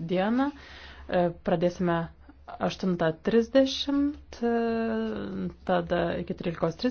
dieną. E, pradėsime 8.30, e, tada iki 13.30.